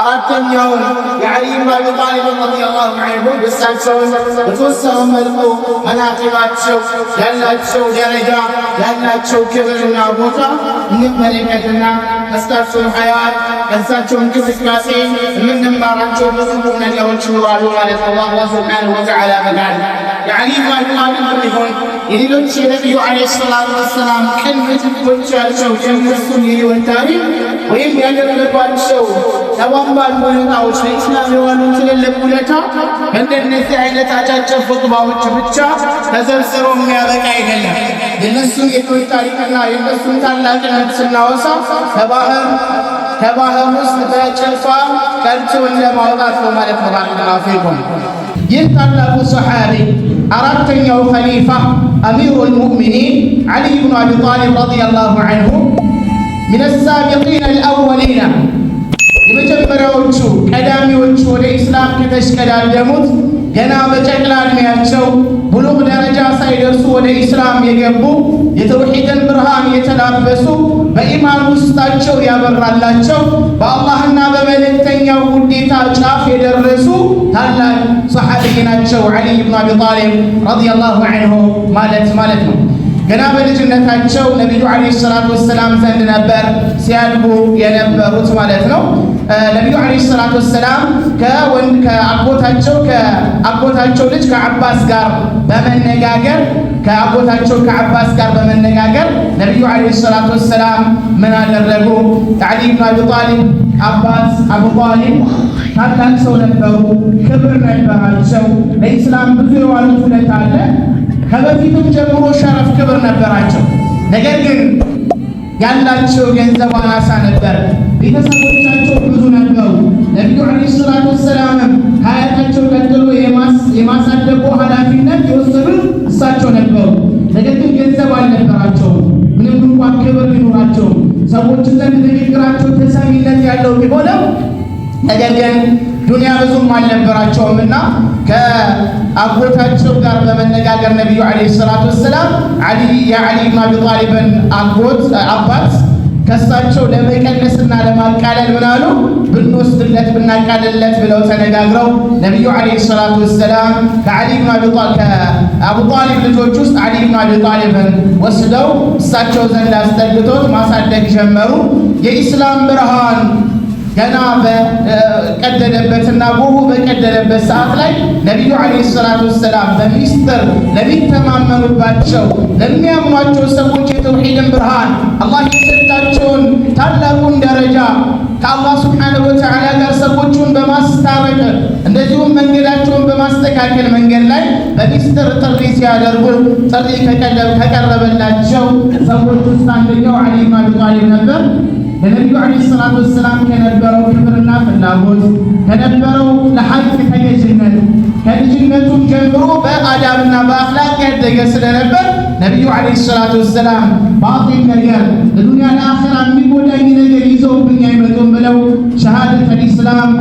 አራተኛው የዓሊ ብን አቢ ጣሊብ ረዲየላሁ ዐንሁ እሳቸውን በተወሰኑ መልኩ መናቂባቸው ያላቸው ደረጃ ያላቸው ክብርና ቦታ እንመለከትና እሳቸውን ሐያት እሳቸው እንቅስቃሴ የምንማራቸው ብዙ ነገሮች ይኖራሉ ማለት አላህ ሱብሓነሁ ወተዓላ መዳል የዓሊ ጓድማንም ይሆን የሌሎች የነቢዩ ዓለይሂ ሰላቱ ወሰላም ቅን ምትኮቻቸው የእነሱን የህይወት ታሪክ ወይም ያደረገባቸው ተባባል ሁኔታዎች ለኢስላም የዋሉ ትልልቅ ውለታ በእንደነዚህ አይነት አጫጭር ኹጥባዎች ብቻ ተዘርዝሮ የሚያበቃ አይደለም። የእነሱን የህይወት ታሪክና የእነሱን ታላቅነት ስናወሳ ከባህር ከባህር ውስጥ በጭልፋ ቀርቸውን ለማውጣት ነው ማለት ነው። ባረከላሁ ፊኩም ይህ ታላቁ ሰሓቢ አራተኛው ኸሊፋ አሚሩ ልሙእሚኒን ዓሊይ ብኑ አቢ ጣሊብ ረዲየላሁ አንሁ ሚነ ሳቢቂን አልአወሊና የመጀመሪያዎቹ ቀዳሚዎቹ ወደ ኢስላም ከተሽቀዳደሙት ገና በጨቅላ ዕድሜያቸው ብሉግ ደረጃ ሳይደርሱ ወደ ኢስላም የገቡ የተውሒድን ብርሃን የተላበሱ በኢማን ውስጣቸው ያበራላቸው በአላህና በመልእክተ ሁለተኛው ውዴታ ጫፍ የደረሱ ታላቅ ሰሓቢ ናቸው። ዓሊ ብን አቢ ጣሊብ ረዲየላሁ አንሁ ማለት ማለት ነው። ገና በልጅነታቸው ነቢዩ ዓለይሂ ሰላቱ ወሰላም ዘንድ ነበር ሲያድጉ የነበሩት ማለት ነው። ነቢዩ ዓለይሂ ሰላቱ ወሰላም ከአጎታቸው ከአጎታቸው ልጅ ከዓባስ ጋር በመነጋገር ከአጎታቸው ከዓባስ ጋር በመነጋገር ነቢዩ ዓለይሂ ሰላቱ ወሰላም ምን አደረጉ? ዓሊ ብን አቢ ጣሊብ አባት አቡ ጣሊብ ታላቅ ሰው ነበሩ። ክብር ነበራቸው። ለኢስላም ብዙ የዋሉት ሁለት አለ። ከበፊቱም ጀምሮ ሸረፍ ክብር ነበራቸው። ነገር ግን ያላቸው ገንዘብ አናሳ ነበር። ቤተሰቦቻቸው ነገር ግን ዱንያ ብዙም አልነበራቸውም እና ከአጎታቸው ጋር በመነጋገር ነቢዩ ዓለይሂ ሰላቱ ወሰላም የዓሊ ብን አቢ ጣሊብን አጎት አባት ከሳቸው ለመቀነስና ለማቃለል ምናሉ ብንወስድለት ብናቃልለት ብለው ተነጋግረው ነቢዩ ዓለይሂ ሰላቱ ወሰላም ከዓሊ ብን አቢ ከአቡ ጣሊብ ልጆች ውስጥ ዓሊ ብን አቢ ጣሊብን ወስደው እሳቸው ዘንድ አስጠግቶት ማሳደግ ጀመሩ። የኢስላም ብርሃን ገና በቀደደበትና ጎሁ በቀደደበት ሰዓት ላይ ነቢዩ ዓለይሂ ሰላቱ ወሰላም በሚስጥር ለሚተማመኑባቸው ለሚያምኗቸው ሰዎች የተውሒድን ብርሃን አላህ የሰጣቸውን ታላቁን ደረጃ ከአላህ ስብሓነሁ ወተዓላ ጋር ሰዎቹን በማስታረቅ እንደዚሁም መንገዳቸውን በማስተካከል መንገድ ላይ በሚስጥር ጥሪ ሲያደርጉ ጥሪ ከቀረበላቸው ሰዎች ውስጥ አንደኛው ዓሊ ብን አቢ ጣሊብ ነበር። ለነቢዩ ዓለይሂ ሰላቱ ወሰላም ከነበረው ክብርና ፍላጎት ከነበረው ለሐቅ ተገዥነት ከልጅነቱ ጀምሮ በአዳምና በአክላቅ ያደገ ስለነበር ነቢዩ ዓለይሂ ሰላቱ ወሰላም ባጢል ነገር ለዱንያ ለአኺራ የሚጎዳኝ ነገር ይዘውብኝ አይመጡም ብለው ሸሃደተል ኢስላም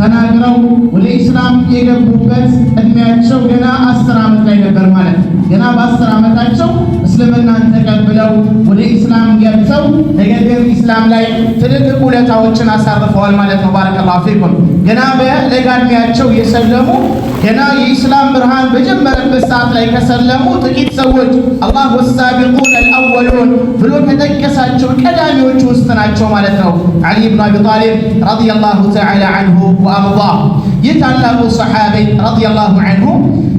ተናግረው ወደ ኢስላም የገቡበት እድሜያቸው ገና አስር ዓመት ላይ ነበር ማለት ገና በአስር ዓመታቸው እስልምናን ነው ወደ ኢስላም ገብተው ነገር ግን ኢስላም ላይ ትልልቅ ውለታዎችን አሳርፈዋል ማለት ነው። ባረከላሁ ፊኩም። ገና በለጋ ዕድሜያቸው የሰለሙ ገና የኢስላም ብርሃን በጀመረበት ሰዓት ላይ ከሰለሙ ጥቂት ሰዎች አላህ ወሳቢቁን አልአወሉን ብሎ ከጠቀሳቸው ቀዳሚዎች ውስጥ ናቸው ማለት ነው። ዓሊ ብን አቢ ጣሊብ ረዲየላሁ ተዓላ አንሁ ወአርዳህ ይህ ታላቁ ሰሓቢ ረዲየላሁ አንሁ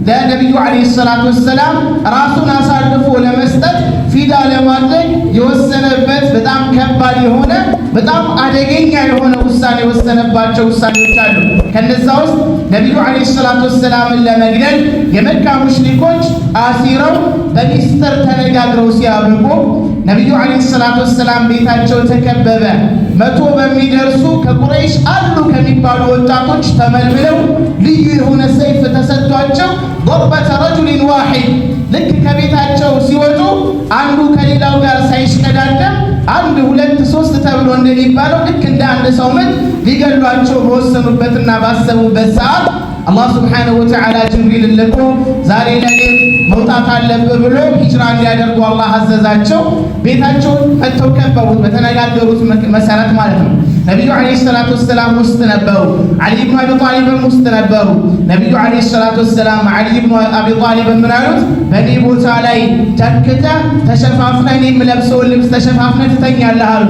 ለነቢዩ ዓለይሂ ሰላቱ ወሰላም ራሱን አሳልፎ ለመስጠት ፊዳ ለማድረግ የወሰነበት በጣም ከባድ የሆነ በጣም አደገኛ የሆነ ውሳኔ የወሰነባቸው ውሳኔዎች አሉ። ከነዛ ውስጥ ነቢዩ ዓለይሂ ሰላቱ ወሰላምን ለመግደል የመካ ሙሽሪኮች አሲረው በሚስጥር ተነጋግረው ሲያበቁ ነቢዩ ዓለይሂ ሰላቱ ወሰላም ቤታቸው ተከበበ። መቶ በሚደርሱ ከቁረይሽ አሉ ከሚባሉ ወጣቶች ተመልምለው ልዩ የሆነ ሰይፍ ተሰጥቷቸው ጎርበተ ረጁሊን ዋሒድ ልክ ከቤታቸው ሲወጡ አንዱ ከሌላው ጋር ሳይሽቀዳደም አንድ ሁለት ሶስት ተብሎ እንደሚባለው ልክ እንደ አንድ ሰው ምን ሊገሏቸው በወሰኑበትና ባሰቡበት ሰዓት አላህ ስብሓነሁ ወተዓላ ጅብሪልን ልኮ ዛሬ ለሌት መውጣት አለብህ ብሎ ሂጅራ እንዲያደርጉ አላህ አዘዛቸው። ቤታቸውን ፈተው ከበቡት፣ በተነጋገሩት መሰረት ማለት ነው። ነቢዩ ዓለይሂ ሰላቱ ወሰላም ውስጥ ነበሩ። ዓሊ ብኑ አቢ ጣሊብም ውስጥ ነበሩ። ነቢዩ ዓለይሂ ሰላቱ ወሰላም ዓሊ ብኑ አቢ ጣሊብ ምን አሉት? በእኔ ቦታ ላይ ተክተህ ተሸፋፍነህ እኔ የምለብሰውን ልብስ ተሸፋፍነህ ትተኛለህ አሉ።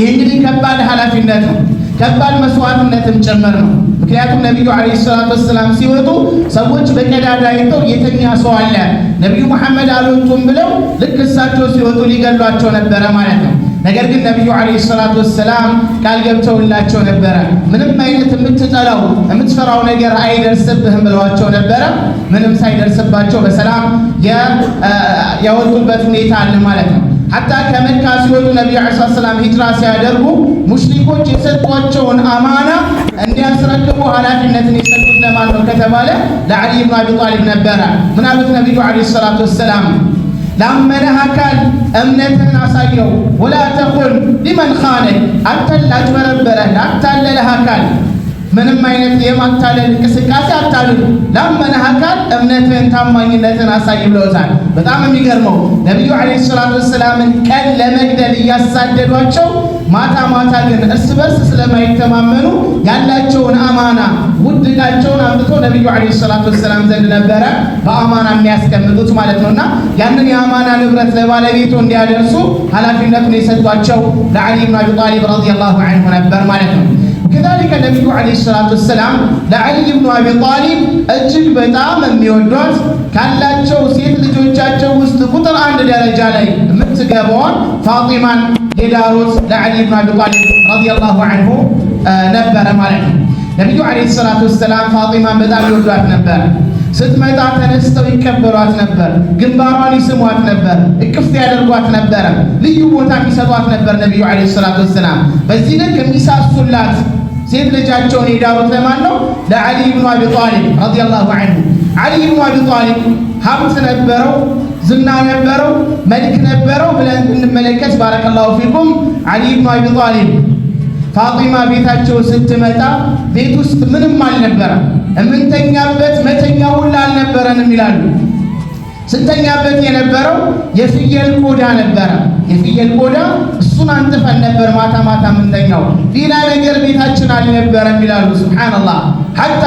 ይህ እንግዲህ ከባድ ኃላፊነት ነው። ከባድ መስዋዕትነትም ጭምር ነው። ምክንያቱም ነቢዩ ዓለይሂ ሰላቱ ወሰላም ሲወጡ ሰዎች በቀዳዳ አይተው የተኛ ሰው አለ ነቢዩ መሐመድ አልወጡም ብለው ልክ እሳቸው ሲወጡ ሊገሏቸው ነበረ ማለት ነው። ነገር ግን ነቢዩ ዓለይሂ ሰላቱ ወሰላም ቃል ገብተውላቸው ነበረ። ምንም አይነት የምትጠላው የምትፈራው ነገር አይደርስብህም ብለዋቸው ነበረ። ምንም ሳይደርስባቸው በሰላም ያወጡበት ሁኔታ አለ ማለት ነው። ሐታ ከመካ ሲወጡ ነቢዩ ዓለይሂ ሰላም ሂጅራ ሲያደርጉ ሙሽሪኮች የሰጧቸውን አማና እንዲያስረክቡ ኃላፊነትን የሰጡት ለማን ነው ከተባለ ለዓሊ ብን አቢ ጣሊብ ነበረ። ምናሉት ነቢዩ ዓለይሂ ሰላቱ ወሰላም ላመነህ አካል እምነትህን አሳየው። ወላ ተቁል ሊመን ኻነክ አታላጭበረበረህ ላታለለህ አካል ምንም አይነት የማታለል እንቅስቃሴ አታልሉ። ላመነ አካል እምነትን ታማኝነትን አሳይ ብለውታል። በጣም የሚገርመው ነቢዩ ዓለይሂ ሰላቱ ወሰላምን ቀን ለመግደል እያሳደዷቸው፣ ማታ ማታ ግን እርስ በርስ ስለማይተማመኑ ያላቸውን አማና ውድቃቸውን አምጥቶ ነቢዩ ዓለይሂ ሰላቱ ወሰላም ዘንድ ነበረ በአማና የሚያስቀምጡት ማለት ነው እና ያንን የአማና ንብረት ለባለቤቱ እንዲያደርሱ ኃላፊነቱን የሰጧቸው ለዓሊ ብን አቢ ጣሊብ ረዲየላሁ አንሁ ነበር ማለት ነው። ከዛሊከ ነቢዩ ዓለይሂ ሰላቱ ወሰላም ለዓሊ ብኑ አቢ ጣሊብ እጅግ በጣም የሚወዷት ካላቸው ሴት ልጆቻቸው ውስጥ ቁጥር አንድ ደረጃ ላይ የምትገባውን ፋጢማን የዳሩት ለዓሊ ብኑ አቢ ጣሊብ ረዲየላሁ አንሁ ነበረ ማለት ነው። ነቢዩ ዓለይሂ ሰላቱ ወሰላም ፋጢማን በጣም ይወዷት ነበር። ስትመጣ ተነስተው ይቀበሏት ነበር፣ ግንባሯን ይስሟት ነበር፣ እቅፍት ያደርጓት ነበረ፣ ልዩ ቦታ የሚሰጧት ነበር ነቢዩ ዓለይሂ ሰላቱ ወሰላም። በዚህ ላይ የሚሳሱላት ሴት ልጃቸውን የዳሩት ለማን ነው? ለዓሊ ብኑ አቢ ጣሊብ ረዲየላሁ አንሁ። ዓሊ ብኑ አቢ ጣሊብ ሀብት ነበረው፣ ዝና ነበረው፣ መልክ ነበረው ብለን እንመለከት። ባረከላሁ ፊኩም። ዓሊ ብኑ አቢ ጣሊብ ፋጢማ ቤታቸው ስትመጣ ቤት ውስጥ ምንም አልነበረም። እምንተኛበት መተኛ ሁላ አልነበረንም ይላሉ። ስንተኛበት የነበረው የፍየል ቆዳ ነበረ። የፍየል ቆዳ እሱን አንጥፈን ነበር ማታ ማታ የምንተኛው። ሌላ ነገር ቤታችን አልነበረም ይላሉ። ሱብሓነላህ ሐታ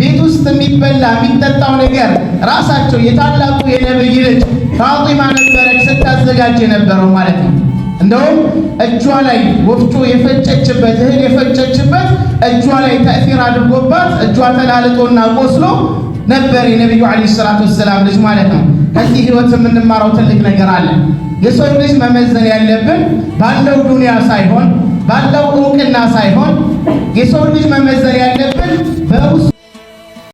ቤት ውስጥ የሚበላ የሚጠጣው ነገር ራሳቸው የታላቁ የነብይ ልጅ ፋጢማ ነበረች ስታዘጋጅ የነበረው ማለት ነው። እንደውም እጇ ላይ ወፍጮ የፈጨችበት እህል የፈጨችበት እጇ ላይ ተእሲር አድርጎባት እጇ ተላልጦና ቆስሎ ነበር የነቢዩ ዓለይሂ ሰላቱ ወሰላም ልጅ ማለት ነው። ከዚህ ህይወት የምንማረው ትልቅ ነገር አለ። የሰው ልጅ መመዘን ያለብን ባለው ዱንያ ሳይሆን ባለው እውቅና ሳይሆን የሰው ልጅ መመዘን ያለብን በውስጥ